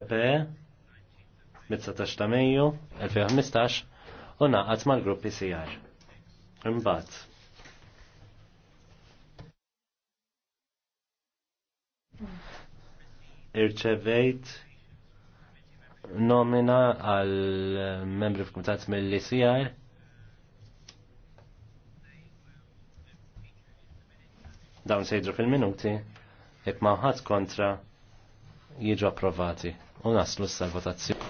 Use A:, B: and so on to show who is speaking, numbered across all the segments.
A: Be, 19 ta' Mejju 2015 u naqat mal-grupp PCR. Imbagħad. Irċevejt nomina għal membri f'kumitat mill-ICR dawn sejdru fil-minuti jekk ma kontra jiġu approvati u naslu s salvatazzjoni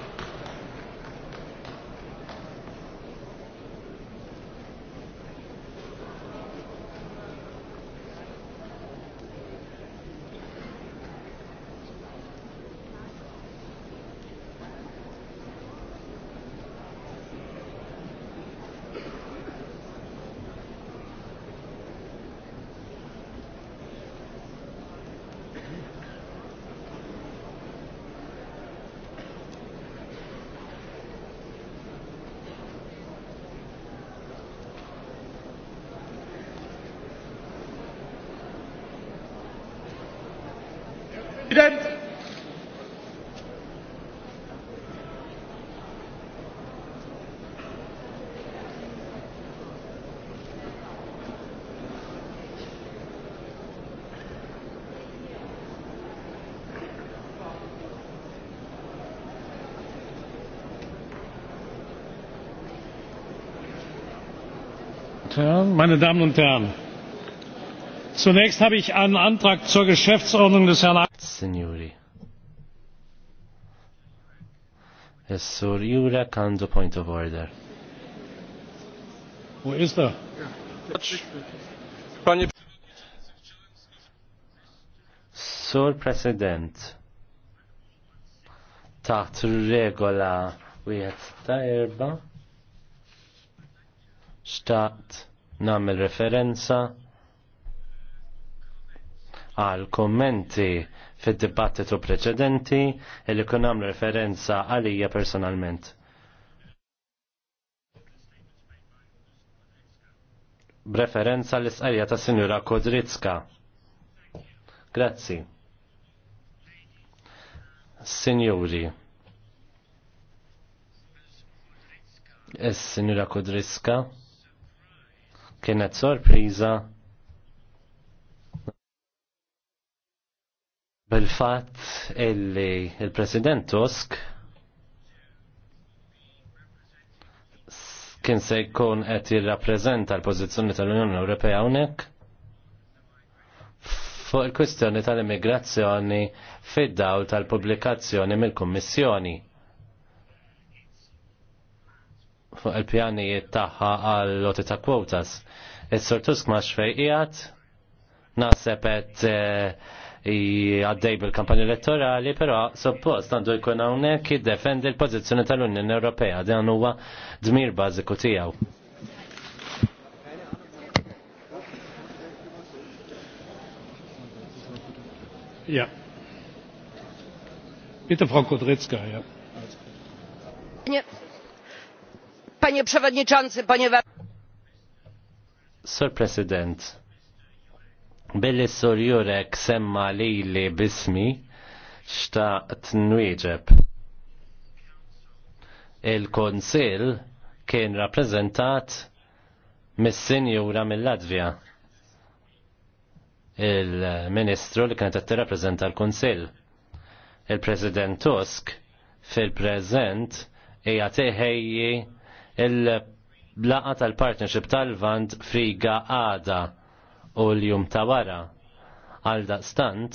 A: President, meine damen und herren! zunächst habe ich einen antrag zur geschäftsordnung des herrn Signori. Is-sur Jura kandu point of order. U isda? Panie... Sur President, taħt regola wieħed ta' erba' xtaqt namel referenza għal kommenti fid-dibattitu preċedenti il-li kunam referenza għalija personalment. B'referenza l isqalja ta' Sinjura Kodritska. Grazzi. Sinjuri. Is-Sinjura Kodriska kienet sorpriża bil-fatt illi il-President Tusk kien se jkun qed jirrappreżenta l-pożizzjoni tal-Unjoni Ewropea hawnhekk fuq il-kwistjoni tal-immigrazzjoni fid-dawl tal-pubblikazzjoni mill-Kummissjoni fuq il-pjanijiet tagħha għal loti ta' kwotas. Is-Sur Tusk ma xfejqiegħed naħseb eh, għaddej bil-kampanja elettorali, però suppost għandu jkun hawnhekk jiddefendi l-pożizzjoni tal-Unjoni Ewropea dan huwa dmir bażiku tiegħu. Ja. Bitte Frau Kudrycka, ja. Panie, panie Przewodniczący, panie... Sir President, Billi sur Jurek semma li li bismi xtaqt nwieġeb. Il-konsil kien rappresentat mis-sinjura mill-Latvja. Il-ministru li kienet qed rappresenta l-konsil. Il-President Tusk fil-preżent hija teħejji il-laqa tal-partnership tal-Vant friga għada u l-jum ta' wara għal daqstant